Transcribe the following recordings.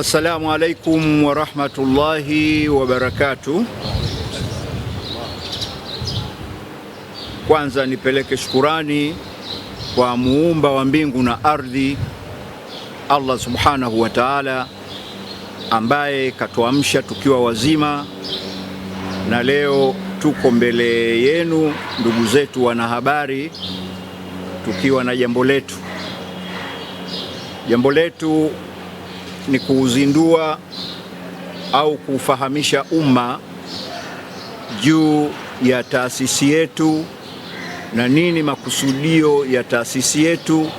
Assalamu alaikum warahmatullahi wabarakatuh. Kwanza nipeleke shukurani kwa muumba wa mbingu na ardhi Allah subhanahu wa taala, ambaye katuamsha tukiwa wazima na leo tuko mbele yenu ndugu zetu wanahabari, tukiwa na jambo letu jambo letu ni kuuzindua au kuufahamisha umma juu ya taasisi yetu na nini makusudio ya taasisi yetu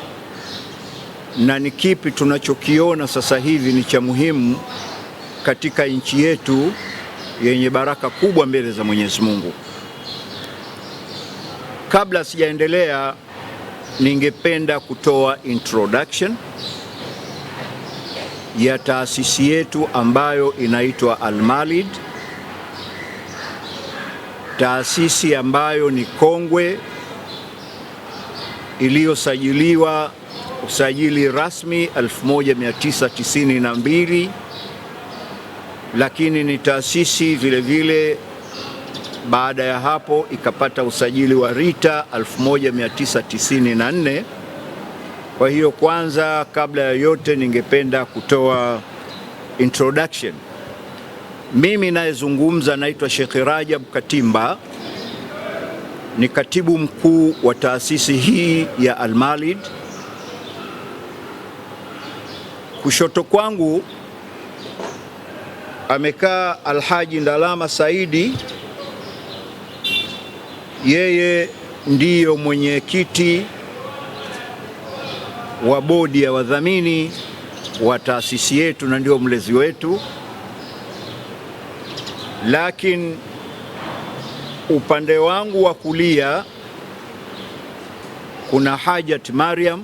na ni kipi tunachokiona sasa hivi ni cha muhimu katika nchi yetu yenye baraka kubwa mbele za Mwenyezi Mungu. Kabla sijaendelea, ningependa kutoa introduction ya taasisi yetu ambayo inaitwa Almalid, taasisi ambayo ni kongwe iliyosajiliwa usajili rasmi 1992 lakini ni taasisi vile vile baada ya hapo ikapata usajili wa RITA 1994 kwa hiyo kwanza, kabla ya yote, ningependa kutoa introduction. Mimi nayezungumza naitwa Sheikh Rajab Katimba, ni katibu mkuu wa taasisi hii ya Almalid. Kushoto kwangu amekaa Alhaji Ndalama Saidi, yeye ndiyo mwenyekiti wa bodi ya wadhamini wa taasisi yetu na ndio mlezi wetu, lakini upande wangu wa kulia kuna Hajat Mariam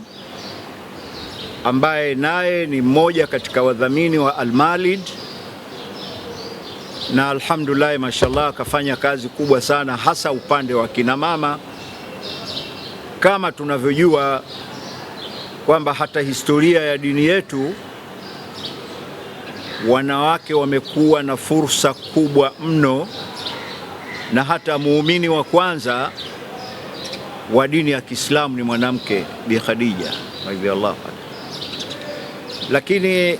ambaye naye ni mmoja katika wadhamini wa Almalid na alhamdulillah, mashallah, akafanya kazi kubwa sana, hasa upande wa kinamama. Kama tunavyojua kwamba hata historia ya dini yetu wanawake wamekuwa na fursa kubwa mno, na hata muumini wa kwanza wa dini ya Kiislamu ni mwanamke, Bi Khadija radhiallahu anha. Lakini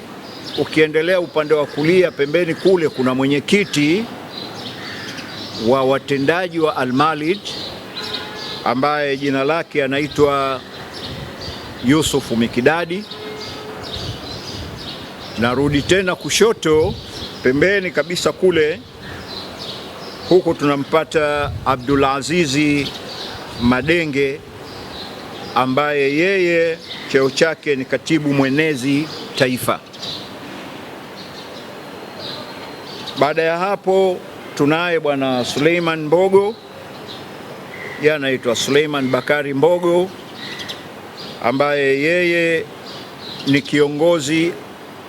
ukiendelea upande wa kulia pembeni kule, kuna mwenyekiti wa watendaji wa Almalid ambaye jina lake anaitwa Yusufu Mikidadi. Narudi tena kushoto pembeni kabisa kule, huku tunampata Abdulazizi Madenge ambaye yeye cheo chake ni katibu mwenezi taifa. Baada ya hapo tunaye bwana Suleiman Mbogo, yeye anaitwa Suleiman Bakari Mbogo ambaye yeye ni kiongozi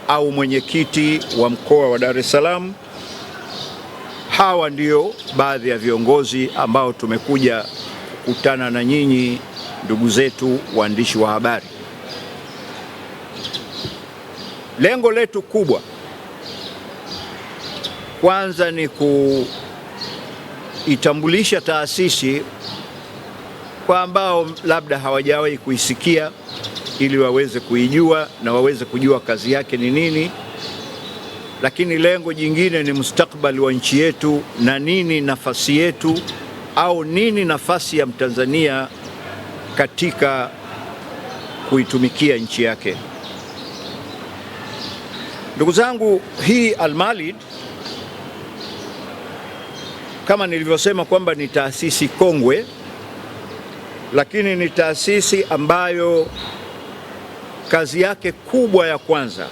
au mwenyekiti wa mkoa wa Dar es Salaam. Hawa ndio baadhi ya viongozi ambao tumekuja kukutana na nyinyi ndugu zetu waandishi wa habari. Lengo letu kubwa kwanza ni kuitambulisha taasisi kwa ambao labda hawajawahi kuisikia ili waweze kuijua na waweze kujua kazi yake ni nini, lakini lengo jingine ni mustakbali wa nchi yetu na nini nafasi yetu au nini nafasi ya Mtanzania katika kuitumikia nchi yake. Ndugu zangu, hii Almalid kama nilivyosema kwamba ni taasisi kongwe lakini ni taasisi ambayo kazi yake kubwa ya kwanza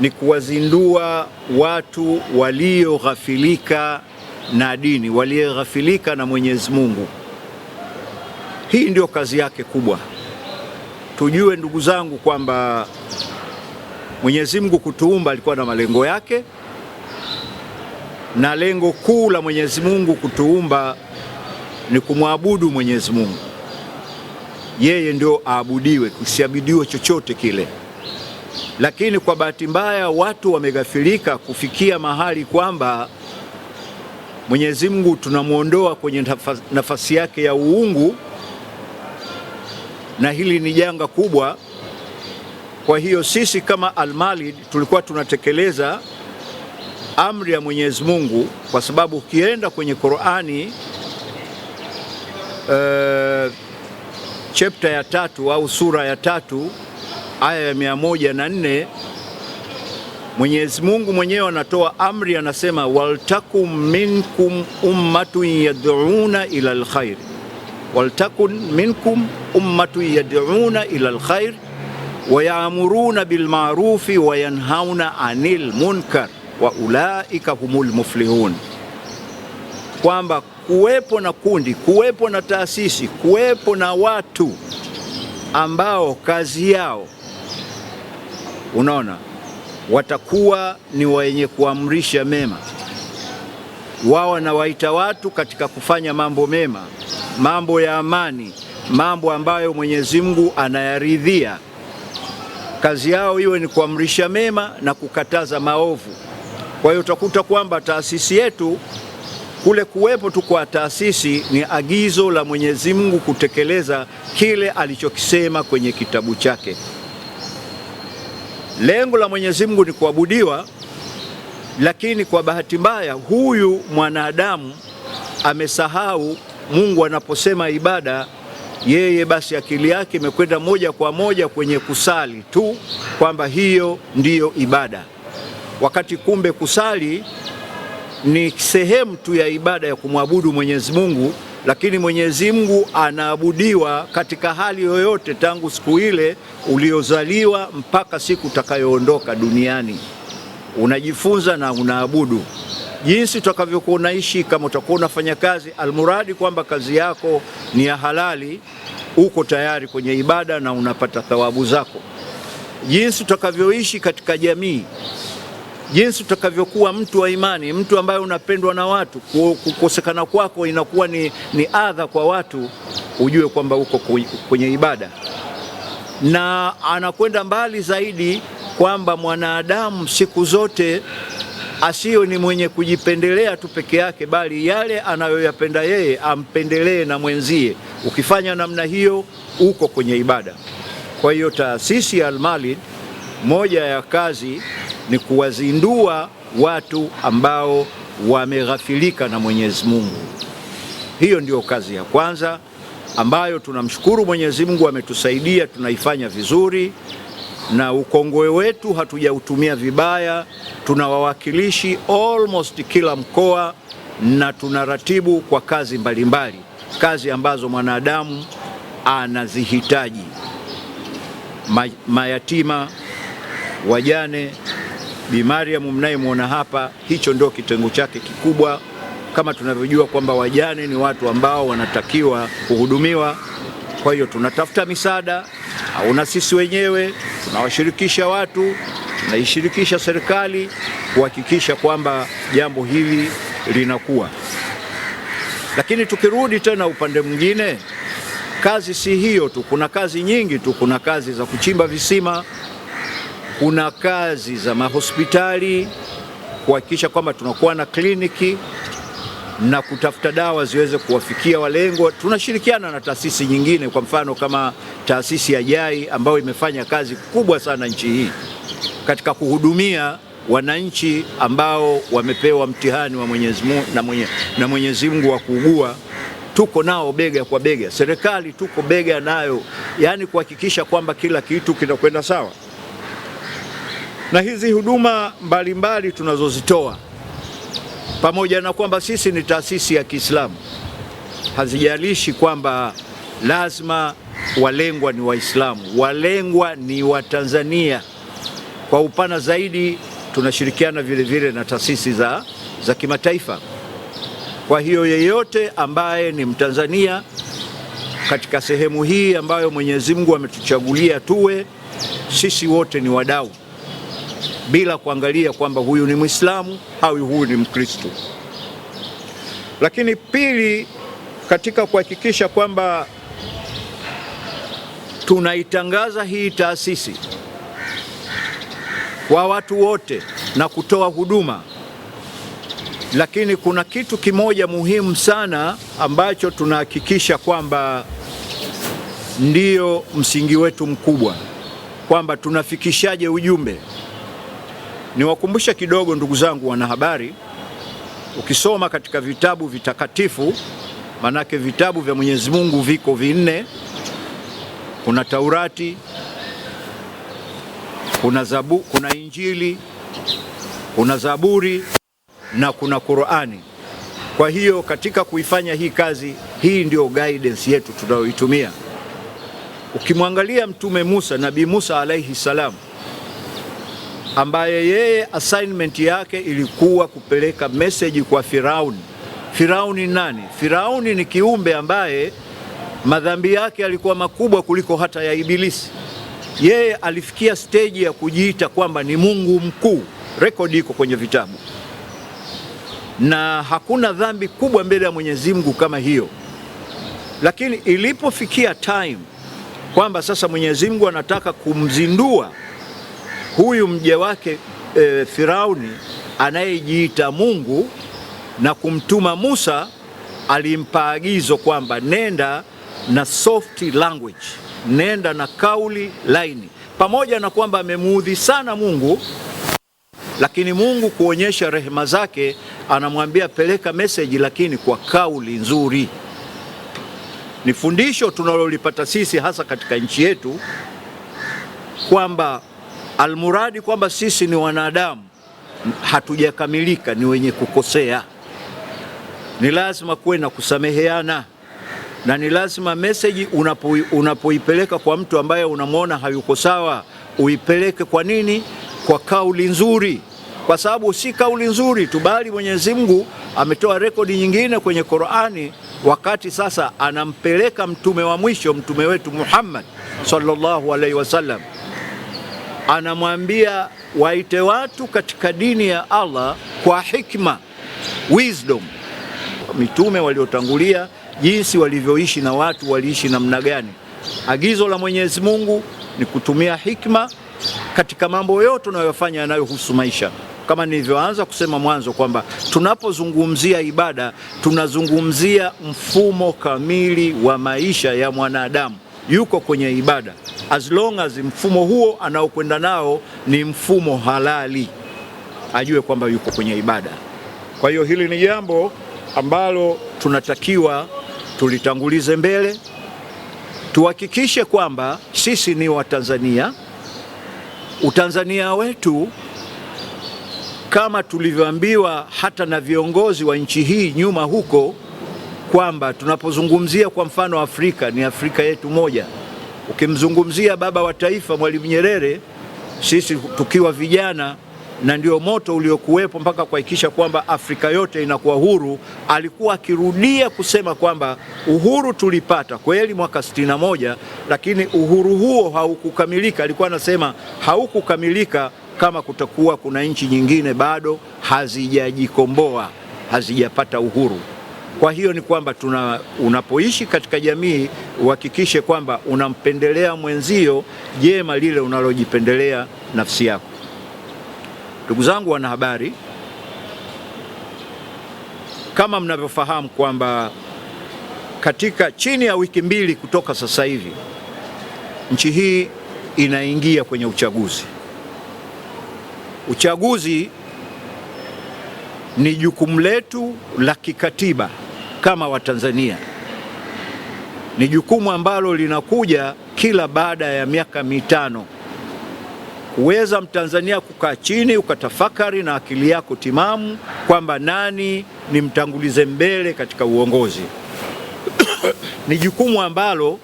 ni kuwazindua watu walioghafilika na dini, walioghafilika na Mwenyezi Mungu. Hii ndio kazi yake kubwa. Tujue ndugu zangu, kwamba Mwenyezi Mungu kutuumba alikuwa na malengo yake, na lengo kuu la Mwenyezi Mungu kutuumba ni kumwabudu Mwenyezi Mungu, yeye ndio aabudiwe, kusiabudiwe chochote kile. Lakini kwa bahati mbaya watu wameghafilika kufikia mahali kwamba Mwenyezi Mungu tunamwondoa kwenye nafasi yake ya uungu, na hili ni janga kubwa. Kwa hiyo sisi kama Almalid tulikuwa tunatekeleza amri ya Mwenyezi Mungu, kwa sababu ukienda kwenye Qur'ani uh, eh, chapta ya tatu au sura ya tatu aya ya mia moja na nne Mwenyezi Mungu mwenyewe anatoa amri, anasema waltakun minkum ummatun yad'una ila alkhair, waltakun minkum ummatun yad'una ila alkhair wa ya'muruna bil ma'rufi wa yanhauna 'anil munkar wa ulaika humul muflihun, kwamba kuwepo na kundi, kuwepo na taasisi, kuwepo na watu ambao kazi yao unaona watakuwa ni wenye kuamrisha mema. Wao wanawaita watu katika kufanya mambo mema, mambo ya amani, mambo ambayo Mwenyezi Mungu anayaridhia. Kazi yao iwe ni kuamrisha mema na kukataza maovu. Kwa hiyo utakuta kwamba taasisi yetu kule kuwepo tu kwa taasisi ni agizo la Mwenyezi Mungu kutekeleza kile alichokisema kwenye kitabu chake. Lengo la Mwenyezi Mungu ni kuabudiwa, lakini kwa bahati mbaya huyu mwanadamu amesahau Mungu anaposema ibada yeye basi akili yake imekwenda moja kwa moja kwenye kusali tu, kwamba hiyo ndiyo ibada, wakati kumbe kusali ni sehemu tu ya ibada ya kumwabudu Mwenyezi Mungu, lakini Mwenyezi Mungu anaabudiwa katika hali yoyote, tangu siku ile uliozaliwa mpaka siku utakayoondoka duniani. Unajifunza na unaabudu jinsi utakavyokuwa unaishi, kama utakuwa unafanya kazi, almuradi kwamba kazi yako ni ya halali, uko tayari kwenye ibada na unapata thawabu zako. Jinsi utakavyoishi katika jamii jinsi utakavyokuwa mtu wa imani, mtu ambaye unapendwa na watu, kukosekana kwako inakuwa ni, ni adha kwa watu, ujue kwamba uko kwenye ibada. Na anakwenda mbali zaidi kwamba mwanadamu siku zote asiyo ni mwenye kujipendelea tu peke yake, bali yale anayoyapenda yeye ampendelee na mwenzie. Ukifanya namna hiyo, uko kwenye ibada. Kwa hiyo taasisi ya al moja ya kazi ni kuwazindua watu ambao wameghafilika na Mwenyezi Mungu. Hiyo ndiyo kazi ya kwanza ambayo tunamshukuru Mwenyezi Mungu ametusaidia, tunaifanya vizuri na ukongwe wetu hatujautumia vibaya. Tuna wawakilishi almost kila mkoa na tunaratibu kwa kazi mbalimbali mbali, kazi ambazo mwanadamu anazihitaji: mayatima, wajane, Bi Mariam mnayemwona hapa, hicho ndio kitengo chake kikubwa, kama tunavyojua kwamba wajane ni watu ambao wanatakiwa kuhudumiwa. Kwa hiyo tunatafuta misaada au na sisi wenyewe tunawashirikisha watu, tunaishirikisha serikali kuhakikisha kwamba jambo hili linakuwa. Lakini tukirudi tena upande mwingine, kazi si hiyo tu, kuna kazi nyingi tu, kuna kazi za kuchimba visima kuna kazi za mahospitali kuhakikisha kwamba tunakuwa na kliniki na kutafuta dawa ziweze kuwafikia walengwa. Tunashirikiana na taasisi nyingine, kwa mfano kama taasisi ya JAI ambayo imefanya kazi kubwa sana nchi hii katika kuhudumia wananchi ambao wamepewa mtihani wa Mwenyezi Mungu na, mwenye, na Mwenyezi Mungu wa kuugua. Tuko nao bega kwa bega, serikali tuko bega nayo, yaani kuhakikisha kwamba kila kitu kinakwenda sawa na hizi huduma mbalimbali tunazozitoa, pamoja na kwamba sisi ni taasisi ya Kiislamu, hazijalishi kwamba lazima walengwa ni Waislamu, walengwa ni Watanzania. Kwa upana zaidi, tunashirikiana vile vile na taasisi za, za kimataifa. Kwa hiyo yeyote ambaye ni Mtanzania katika sehemu hii ambayo Mwenyezi Mungu ametuchagulia tuwe, sisi wote ni wadau bila kuangalia kwamba huyu ni Mwislamu au huyu ni Mkristo. Lakini pili, katika kuhakikisha kwamba tunaitangaza hii taasisi kwa watu wote na kutoa huduma, lakini kuna kitu kimoja muhimu sana ambacho tunahakikisha kwamba ndio msingi wetu mkubwa, kwamba tunafikishaje ujumbe Niwakumbushe kidogo ndugu zangu wanahabari, ukisoma katika vitabu vitakatifu, manake vitabu vya Mwenyezi Mungu viko vinne, kuna Taurati, kuna Zabu, kuna Injili, kuna Zaburi na kuna Qurani. Kwa hiyo katika kuifanya hii kazi, hii ndio guidance yetu tunayoitumia. Ukimwangalia Mtume Musa, Nabii Musa alaihi salam ambaye yeye assignment yake ilikuwa kupeleka message kwa Firauni. Firauni nani? Firauni ni kiumbe ambaye madhambi yake yalikuwa makubwa kuliko hata ya Ibilisi. Yeye alifikia stage ya kujiita kwamba ni Mungu mkuu, rekodi iko kwenye vitabu, na hakuna dhambi kubwa mbele ya Mwenyezi Mungu kama hiyo. Lakini ilipofikia time kwamba sasa Mwenyezi Mungu anataka kumzindua huyu mja wake e, Firauni anayejiita Mungu na kumtuma Musa, alimpa agizo kwamba nenda na soft language, nenda na kauli laini, pamoja na kwamba amemuudhi sana Mungu, lakini Mungu kuonyesha rehema zake anamwambia peleka meseji, lakini kwa kauli nzuri. Ni fundisho tunalolipata sisi hasa katika nchi yetu kwamba Almuradi kwamba sisi ni wanadamu hatujakamilika, ni wenye kukosea. Ni lazima kuwe na kusameheana, na ni lazima meseji unapo, unapoipeleka kwa mtu ambaye unamwona hayuko sawa, uipeleke kwa nini? Kwa kauli nzuri, kwa sababu si kauli nzuri tu, bali Mwenyezi Mungu ametoa rekodi nyingine kwenye Qur'ani, wakati sasa anampeleka mtume wa mwisho, mtume wetu Muhammad sallallahu alaihi wasallam anamwambia waite watu katika dini ya Allah kwa hikma, wisdom. Mitume waliotangulia jinsi walivyoishi na watu waliishi namna gani? Agizo la Mwenyezi Mungu ni kutumia hikma katika mambo yote unayofanya yanayohusu maisha. Kama nilivyoanza kusema mwanzo kwamba tunapozungumzia ibada tunazungumzia mfumo kamili wa maisha ya mwanadamu yuko kwenye ibada, as long as mfumo huo anaokwenda nao ni mfumo halali, ajue kwamba yuko kwenye ibada. Kwa hiyo hili ni jambo ambalo tunatakiwa tulitangulize mbele, tuhakikishe kwamba sisi ni Watanzania. Utanzania wetu kama tulivyoambiwa hata na viongozi wa nchi hii nyuma huko kwamba tunapozungumzia kwa mfano Afrika ni Afrika yetu moja. Ukimzungumzia baba wa taifa Mwalimu Nyerere, sisi tukiwa vijana na ndio moto uliokuwepo mpaka kuhakikisha kwamba Afrika yote inakuwa huru. Alikuwa akirudia kusema kwamba uhuru tulipata kweli mwaka sitini na moja, lakini uhuru huo haukukamilika. Alikuwa anasema haukukamilika kama kutakuwa kuna nchi nyingine bado hazijajikomboa, hazijapata uhuru. Kwa hiyo ni kwamba tuna, unapoishi katika jamii uhakikishe kwamba unampendelea mwenzio jema lile unalojipendelea nafsi yako. Ndugu zangu wanahabari, kama mnavyofahamu kwamba katika chini ya wiki mbili kutoka sasa hivi nchi hii inaingia kwenye uchaguzi. Uchaguzi ni jukumu letu la kikatiba kama Watanzania. Ni jukumu ambalo linakuja kila baada ya miaka mitano, kuweza Mtanzania kukaa chini ukatafakari na akili yako timamu kwamba nani nimtangulize mbele katika uongozi. Ni jukumu ambalo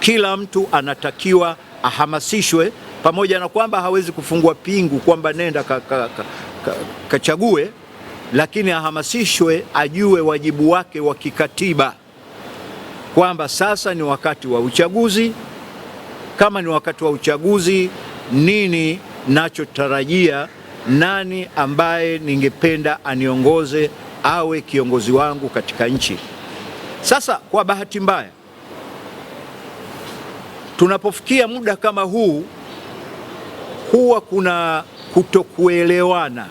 kila mtu anatakiwa ahamasishwe, pamoja na kwamba hawezi kufungua pingu kwamba nenda kachague ka, ka, ka, lakini ahamasishwe ajue wajibu wake wa kikatiba kwamba sasa ni wakati wa uchaguzi. Kama ni wakati wa uchaguzi, nini nachotarajia? Nani ambaye ningependa aniongoze awe kiongozi wangu katika nchi? Sasa kwa bahati mbaya, tunapofikia muda kama huu, huwa kuna kutokuelewana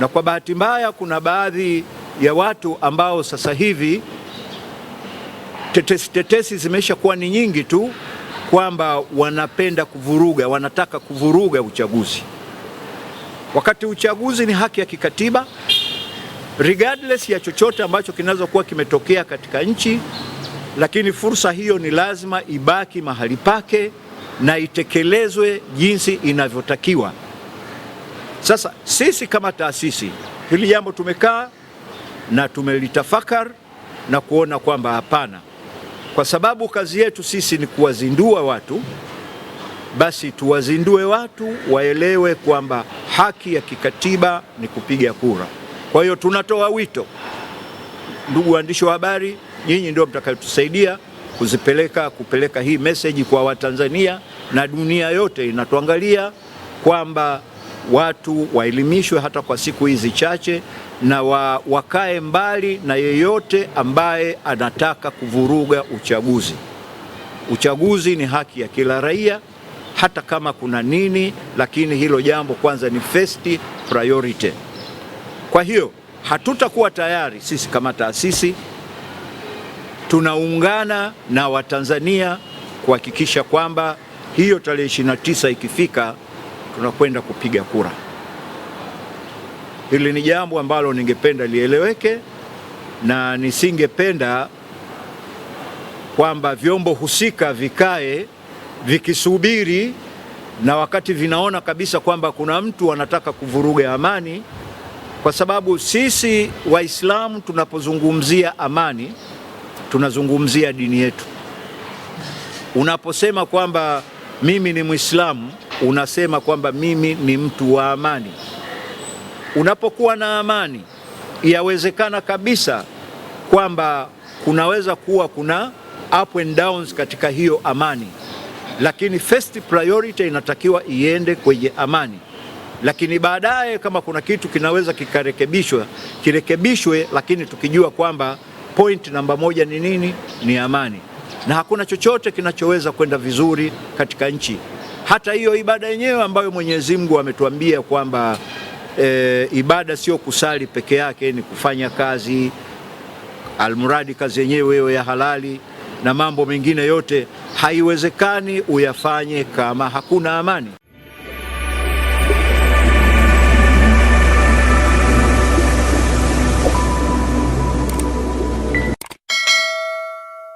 na kwa bahati mbaya kuna baadhi ya watu ambao sasa hivi tetesi tetesi zimesha kuwa ni nyingi tu kwamba wanapenda kuvuruga, wanataka kuvuruga uchaguzi, wakati uchaguzi ni haki ya kikatiba regardless ya chochote ambacho kinaweza kuwa kimetokea katika nchi, lakini fursa hiyo ni lazima ibaki mahali pake na itekelezwe jinsi inavyotakiwa. Sasa sisi kama taasisi hili jambo tumekaa na tumelitafakar na kuona kwamba hapana, kwa sababu kazi yetu sisi ni kuwazindua watu, basi tuwazindue watu waelewe kwamba haki ya kikatiba ni kupiga kura. Kwa hiyo tunatoa wito, ndugu waandishi wa habari, nyinyi ndio mtakayotusaidia kuzipeleka kupeleka hii meseji kwa Watanzania na dunia yote inatuangalia kwamba watu waelimishwe hata kwa siku hizi chache, na wa, wakae mbali na yeyote ambaye anataka kuvuruga uchaguzi. Uchaguzi ni haki ya kila raia, hata kama kuna nini, lakini hilo jambo kwanza ni first priority. Kwa hiyo hatutakuwa tayari sisi kama taasisi tunaungana na Watanzania kuhakikisha kwamba hiyo tarehe 29 ikifika tunakwenda kupiga kura. Hili ni jambo ambalo ningependa lieleweke, na nisingependa kwamba vyombo husika vikae vikisubiri, na wakati vinaona kabisa kwamba kuna mtu anataka kuvuruga amani, kwa sababu sisi Waislamu tunapozungumzia amani tunazungumzia dini yetu. Unaposema kwamba mimi ni Mwislamu unasema kwamba mimi ni mtu wa amani. Unapokuwa na amani, yawezekana kabisa kwamba kunaweza kuwa kuna up and downs katika hiyo amani, lakini first priority inatakiwa iende kwenye amani, lakini baadaye kama kuna kitu kinaweza kikarekebishwa kirekebishwe, lakini tukijua kwamba point namba moja ni nini? Ni amani, na hakuna chochote kinachoweza kwenda vizuri katika nchi hata hiyo ibada yenyewe ambayo Mwenyezi Mungu ametuambia kwamba e, ibada sio kusali peke yake, ni kufanya kazi, almuradi kazi yenyewe hiyo ya halali na mambo mengine yote haiwezekani uyafanye kama hakuna amani.